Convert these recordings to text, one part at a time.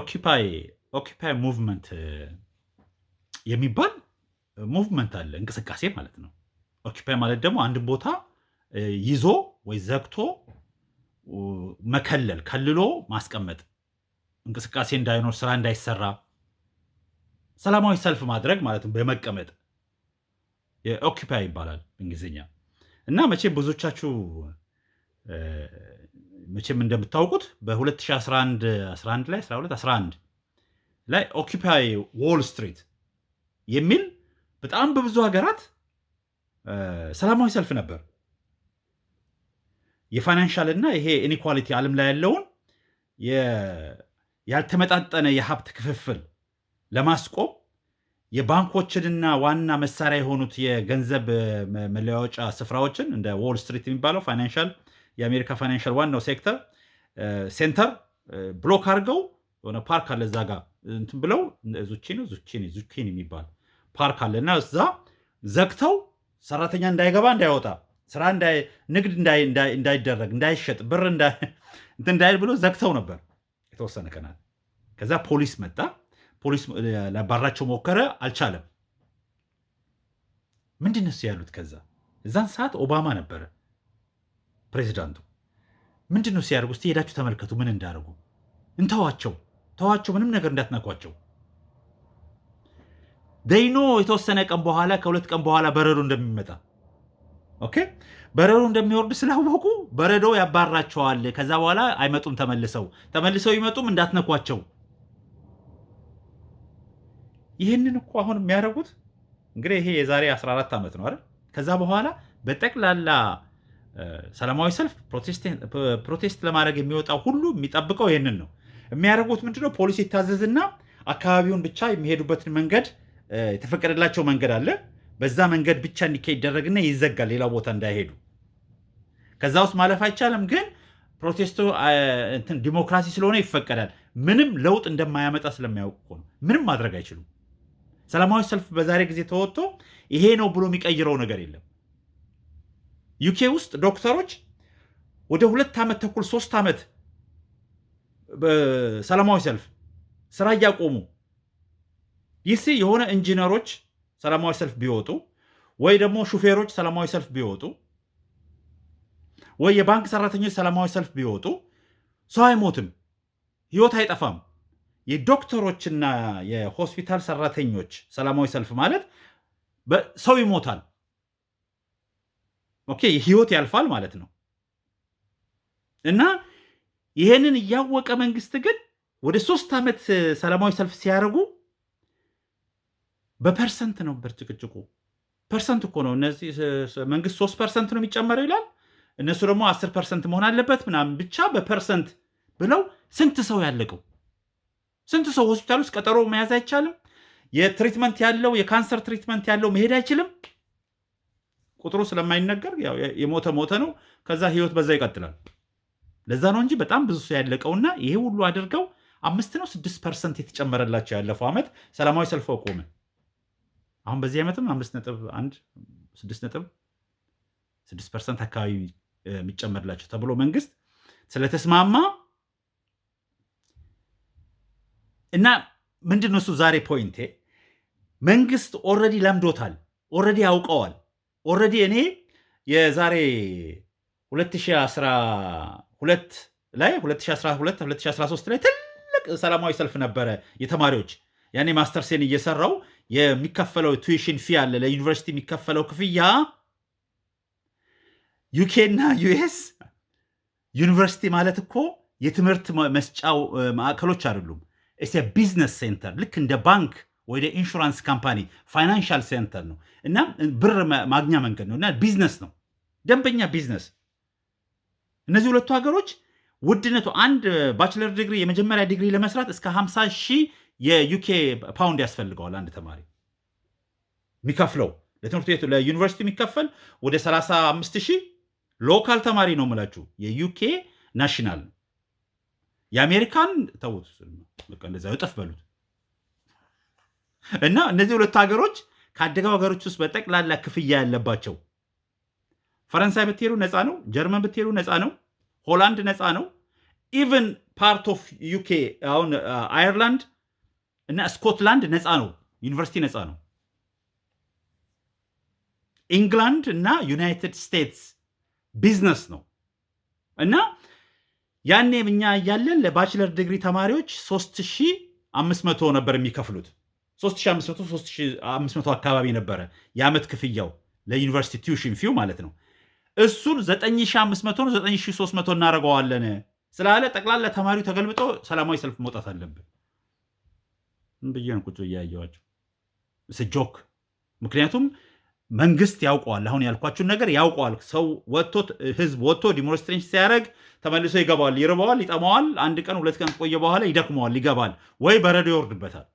ኦኪፓይ ኦኪፓይ ሙቭመንት የሚባል ሙቭመንት uh, አለ፣ እንቅስቃሴ ማለት ነው። ኦኪፓይ ማለት ደግሞ አንድ ቦታ uh, ይዞ ወይ ዘግቶ uh, መከለል፣ ከልሎ ማስቀመጥ፣ እንቅስቃሴ እንዳይኖር፣ ስራ እንዳይሰራ፣ ሰላማዊ ሰልፍ ማድረግ ማለት ነው። በመቀመጥ የኦኪፓይ ይባላል በእንግሊዝኛ እና መቼም ብዙዎቻችሁ መቼም እንደምታውቁት በ2011 11 ላይ 12 11 ላይ ኦኪፓይ ዎል ስትሪት የሚል በጣም በብዙ ሀገራት ሰላማዊ ሰልፍ ነበር። የፋይናንሻል እና ይሄ ኢኒኳሊቲ ዓለም ላይ ያለውን ያልተመጣጠነ የሀብት ክፍፍል ለማስቆም የባንኮችንና ዋና መሳሪያ የሆኑት የገንዘብ መለዋወጫ ስፍራዎችን እንደ ዎል ስትሪት የሚባለው ፋይናንሻል የአሜሪካ ፋይናንሻል ዋናው ሴክተር ሴንተር ብሎክ አድርገው የሆነ ፓርክ አለ እዛ ጋ እንትን ብለው ዙቺኒ የሚባል ፓርክ አለ እና እዛ ዘግተው ሰራተኛ እንዳይገባ እንዳይወጣ ስራ ንግድ እንዳይደረግ እንዳይሸጥ ብር እንዳይል ብሎ ዘግተው ነበር የተወሰነ ቀናት። ከዛ ፖሊስ መጣ። ፖሊስ ሊያባራቸው ሞከረ፣ አልቻለም። ምንድን ነው ያሉት? ከዛ እዛን ሰዓት ኦባማ ነበረ ፕሬዚዳንቱ ምንድን ነው ሲያደርጉ? እስቲ ሄዳችሁ ተመልከቱ ምን እንዳደርጉ። እንተዋቸው ተዋቸው፣ ምንም ነገር እንዳትነኳቸው። ደይኖ የተወሰነ ቀን በኋላ ከሁለት ቀን በኋላ በረዶ እንደሚመጣ ኦኬ፣ በረዶ እንደሚወርድ ስላወቁ በረዶ ያባራቸዋል። ከዛ በኋላ አይመጡም ተመልሰው ተመልሰው ይመጡም እንዳትነኳቸው። ይህንን እኮ አሁን የሚያደርጉት እንግዲህ ይሄ የዛሬ 14 ዓመት ነው አይደል? ከዛ በኋላ በጠቅላላ ሰላማዊ ሰልፍ ፕሮቴስት ለማድረግ የሚወጣው ሁሉ የሚጠብቀው ይህንን ነው። የሚያደርጉት ምንድነው? ፖሊስ ይታዘዝና አካባቢውን ብቻ የሚሄዱበትን መንገድ የተፈቀደላቸው መንገድ አለ። በዛ መንገድ ብቻ እንዲካሄድ ይደረግና ይዘጋል። ሌላ ቦታ እንዳይሄዱ ከዛ ውስጥ ማለፍ አይቻልም። ግን ፕሮቴስቱ ዲሞክራሲ ስለሆነ ይፈቀዳል። ምንም ለውጥ እንደማያመጣ ስለሚያውቁ ነው። ምንም ማድረግ አይችሉም። ሰላማዊ ሰልፍ በዛሬ ጊዜ ተወጥቶ ይሄ ነው ብሎ የሚቀይረው ነገር የለም። ዩኬ ውስጥ ዶክተሮች ወደ ሁለት ዓመት ተኩል ሶስት ዓመት ሰላማዊ ሰልፍ ስራ እያቆሙ ይህ የሆነ ኢንጂነሮች ሰላማዊ ሰልፍ ቢወጡ ወይ ደግሞ ሹፌሮች ሰላማዊ ሰልፍ ቢወጡ ወይ የባንክ ሰራተኞች ሰላማዊ ሰልፍ ቢወጡ ሰው አይሞትም፣ ህይወት አይጠፋም። የዶክተሮችና የሆስፒታል ሰራተኞች ሰላማዊ ሰልፍ ማለት ሰው ይሞታል። ኦኬ ህይወት ያልፋል ማለት ነው። እና ይህንን እያወቀ መንግስት ግን ወደ ሶስት ዓመት ሰላማዊ ሰልፍ ሲያደርጉ በፐርሰንት ነበር ጭቅጭቁ። ፐርሰንት እኮ ነው እነዚህ መንግስት ሶስት ፐርሰንት ነው የሚጨመረው ይላል፣ እነሱ ደግሞ አስር ፐርሰንት መሆን አለበት ምናምን ብቻ በፐርሰንት ብለው ስንት ሰው ያለቀው ስንት ሰው ሆስፒታል ውስጥ ቀጠሮ መያዝ አይቻልም። የትሪትመንት ያለው የካንሰር ትሪትመንት ያለው መሄድ አይችልም። ቁጥሩ ስለማይነገር የሞተ ሞተ ነው። ከዛ ህይወት በዛ ይቀጥላል። ለዛ ነው እንጂ በጣም ብዙ ሰው ያለቀውና ይሄ ሁሉ አድርገው አምስት ነው ስድስት ፐርሰንት የተጨመረላቸው ያለፈው ዓመት ሰላማዊ ሰልፍ ቆመ። አሁን በዚህ ዓመትም አምስት ነጥብ አንድ ስድስት ነጥብ ስድስት ፐርሰንት አካባቢ የሚጨመርላቸው ተብሎ መንግስት ስለተስማማ እና ምንድን ነው እሱ ዛሬ ፖይንቴ መንግስት ኦልሬዲ ለምዶታል፣ ኦልሬዲ ያውቀዋል። ኦልሬዲ እኔ የዛሬ 2012 ላይ 2012 2013 ላይ ትልቅ ሰላማዊ ሰልፍ ነበረ የተማሪዎች ያኔ ማስተርሴን እየሰራው የሚከፈለው ቱዊሽን ፊ አለ ለዩኒቨርሲቲ የሚከፈለው ክፍያ ዩኬ እና ዩኤስ ዩኒቨርሲቲ ማለት እኮ የትምህርት መስጫው ማዕከሎች አይደሉም። ቢዝነስ ሴንተር ልክ እንደ ባንክ ወደ ኢንሹራንስ ካምፓኒ ፋይናንሻል ሴንተር ነው እና ብር ማግኛ መንገድ ነው እና ቢዝነስ ነው ደንበኛ ቢዝነስ። እነዚህ ሁለቱ ሀገሮች ውድነቱ አንድ ባችለር ዲግሪ የመጀመሪያ ዲግሪ ለመስራት እስከ 50 ሺህ የዩኬ ፓውንድ ያስፈልገዋል አንድ ተማሪ የሚከፍለው ለትምህርት ቤቱ ለዩኒቨርሲቲ የሚከፈል ወደ 35 ሺህ ሎካል ተማሪ ነው የምላችሁ የዩኬ ናሽናል የአሜሪካን ተውት፣ እጥፍ በሉት። እና እነዚህ ሁለቱ ሀገሮች ከአደጋው ሀገሮች ውስጥ በጠቅላላ ክፍያ ያለባቸው ፈረንሳይ ብትሄዱ ነፃ ነው። ጀርመን ብትሄዱ ነፃ ነው። ሆላንድ ነፃ ነው። ኢቨን ፓርት ኦፍ ዩኬ አሁን አየርላንድ እና ስኮትላንድ ነፃ ነው። ዩኒቨርሲቲ ነፃ ነው። ኢንግላንድ እና ዩናይትድ ስቴትስ ቢዝነስ ነው እና ያኔ እኛ እያለን ለባችለር ዲግሪ ተማሪዎች 3500 ነበር የሚከፍሉት። 3500 3500 አካባቢ ነበረ የዓመት ክፍያው ለዩኒቨርሲቲ ቲዩሽን ፊው ማለት ነው። እሱን 9500 9300 እናደርገዋለን ስላለ ጠቅላላ ተማሪው ተገልብጦ ሰላማዊ ሰልፍ መውጣት አለብን ብዬ ነው ቁጭ እያየዋቸው ስጆክ። ምክንያቱም መንግስት ያውቀዋል፣ አሁን ያልኳችሁን ነገር ያውቀዋል። ሰው ወጥቶ ህዝብ ወጥቶ ዲሞንስትሬሽን ሲያደርግ ተመልሶ ይገባዋል፣ ይርበዋል፣ ይጠማዋል። አንድ ቀን ሁለት ቀን ቆየ በኋላ ይደክመዋል፣ ይገባል ወይ በረዶ ይወርድበታል።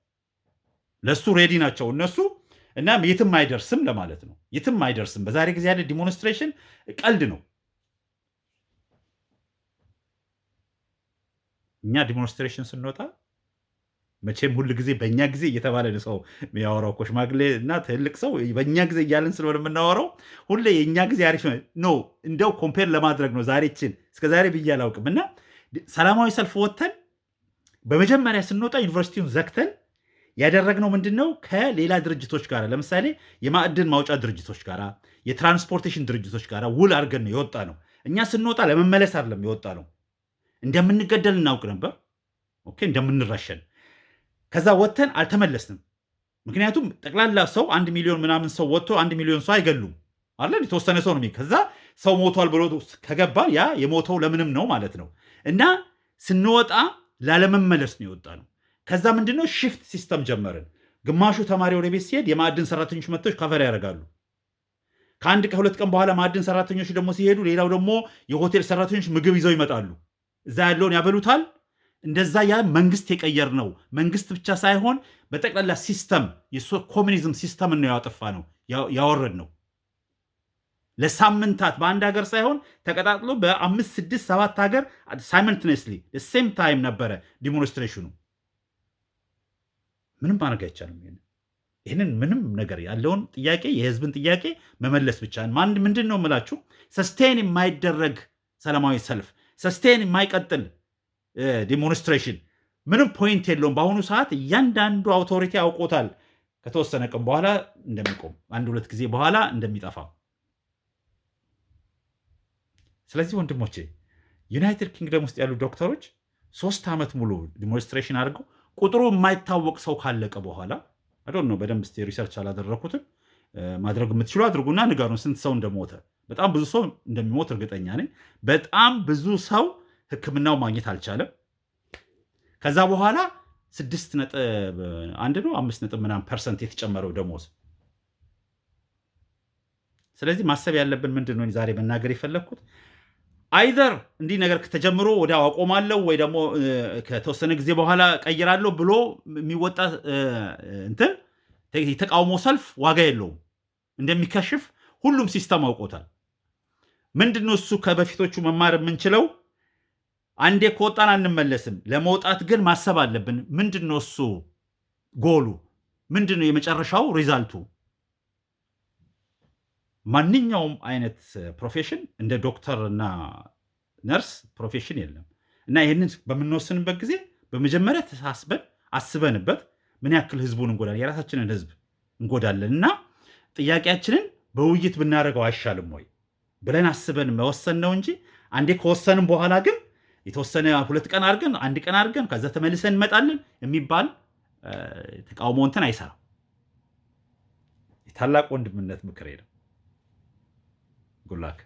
ለእሱ ሬዲ ናቸው እነሱ። እናም የትም አይደርስም ለማለት ነው። የትም አይደርስም። በዛሬ ጊዜ ያለ ዲሞንስትሬሽን ቀልድ ነው። እኛ ዲሞንስትሬሽን ስንወጣ መቼም ሁል ጊዜ በእኛ ጊዜ እየተባለ ሰው የሚያወራው እኮ ሽማግሌ እና ትልቅ ሰው በእኛ ጊዜ እያለን ስለሆነ የምናወራው ሁሌ የእኛ ጊዜ አሪፍ ነው። እንደው ኮምፔር ለማድረግ ነው ዛሬችን እስከ ዛሬ ብዬ አላውቅም። እና ሰላማዊ ሰልፍ ወጥተን በመጀመሪያ ስንወጣ ዩኒቨርሲቲውን ዘግተን ያደረግነው ምንድን ነው? ከሌላ ድርጅቶች ጋር ለምሳሌ የማዕድን ማውጫ ድርጅቶች ጋር፣ የትራንስፖርቴሽን ድርጅቶች ጋር ውል አድርገን ነው የወጣ ነው። እኛ ስንወጣ ለመመለስ አይደለም የወጣ ነው። እንደምንገደል እናውቅ ነበር፣ ኦኬ፣ እንደምንራሸን። ከዛ ወጥተን አልተመለስንም። ምክንያቱም ጠቅላላ ሰው አንድ ሚሊዮን ምናምን ሰው ወጥቶ አንድ ሚሊዮን ሰው አይገሉም አለን የተወሰነ ሰው ነው። ከዛ ሰው ሞቷል ብሎ ከገባ ያ የሞተው ለምንም ነው ማለት ነው። እና ስንወጣ ላለመመለስ ነው የወጣ ነው። ከዛ ምንድነው ሽፍት ሲስተም ጀመርን። ግማሹ ተማሪ ወደ ቤት ሲሄድ የማዕድን ሰራተኞች መጥተው ከቨር ያደርጋሉ። ከአንድ ከሁለት ቀን በኋላ ማዕድን ሰራተኞች ደግሞ ሲሄዱ፣ ሌላው ደግሞ የሆቴል ሰራተኞች ምግብ ይዘው ይመጣሉ። እዛ ያለውን ያበሉታል። እንደዛ ያ መንግስት የቀየር ነው። መንግስት ብቻ ሳይሆን በጠቅላላ ሲስተም የኮሚኒዝም ሲስተም ነው ያጠፋ ነው ያወረድ ነው። ለሳምንታት በአንድ ሀገር ሳይሆን ተቀጣጥሎ በአምስት ስድስት ሰባት ሀገር ሳይመንትነስሊ ሴም ታይም ነበረ ዲሞንስትሬሽኑ። ምንም ማድረግ አይቻልም። ይህንን ምንም ነገር ያለውን ጥያቄ የህዝብን ጥያቄ መመለስ ብቻ። ምንድን ነው የምላችሁ ሰስቴን የማይደረግ ሰላማዊ ሰልፍ፣ ሰስቴን የማይቀጥል ዲሞንስትሬሽን ምንም ፖይንት የለውም። በአሁኑ ሰዓት እያንዳንዱ አውቶሪቲ ያውቆታል። ከተወሰነ ቀን በኋላ እንደሚቆም አንድ ሁለት ጊዜ በኋላ እንደሚጠፋ። ስለዚህ ወንድሞቼ ዩናይትድ ኪንግደም ውስጥ ያሉ ዶክተሮች ሶስት ዓመት ሙሉ ዲሞንስትሬሽን አድርገው ቁጥሩ የማይታወቅ ሰው ካለቀ በኋላ አዶን ነው። በደንብ ስ ሪሰርች አላደረኩትም። ማድረግ የምትችሉ አድርጉና ንገሩን፣ ስንት ሰው እንደሞተ። በጣም ብዙ ሰው እንደሚሞት እርግጠኛ ነኝ። በጣም ብዙ ሰው ህክምናው ማግኘት አልቻለም። ከዛ በኋላ ስድስት ነጥብ አንድ ነው አምስት ነጥብ ምናምን ፐርሰንት የተጨመረው ደሞዝ። ስለዚህ ማሰብ ያለብን ምንድን ነው? ዛሬ መናገር የፈለግኩት አይዘር እንዲህ ነገር ተጀምሮ ወዲያው አቆማለሁ ወይ ደግሞ ከተወሰነ ጊዜ በኋላ ቀይራለሁ ብሎ የሚወጣ እንትን የተቃውሞ ሰልፍ ዋጋ የለውም። እንደሚከሽፍ ሁሉም ሲስተም አውቆታል። ምንድነው እሱ ከበፊቶቹ መማር የምንችለው? አንዴ ከወጣን አንመለስም። ለመውጣት ግን ማሰብ አለብን። ምንድነው እሱ ጎሉ? ምንድነው የመጨረሻው ሪዛልቱ? ማንኛውም አይነት ፕሮፌሽን እንደ ዶክተር እና ነርስ ፕሮፌሽን የለም እና ይህንን በምንወስንበት ጊዜ በመጀመሪያ ተሳስበን አስበንበት ምን ያክል ህዝቡን እንጎዳለን፣ የራሳችንን ህዝብ እንጎዳለን እና ጥያቄያችንን በውይይት ብናደርገው አይሻልም ወይ ብለን አስበን መወሰን ነው እንጂ አንዴ ከወሰንም በኋላ ግን የተወሰነ ሁለት ቀን አድርገን አንድ ቀን አድርገን ከዛ ተመልሰን እንመጣለን የሚባል ተቃውሞ እንትን አይሰራም። የታላቅ ወንድምነት ምክር ነው። Good luck.